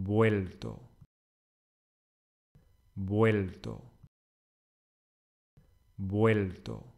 vuelto, vuelto, vuelto.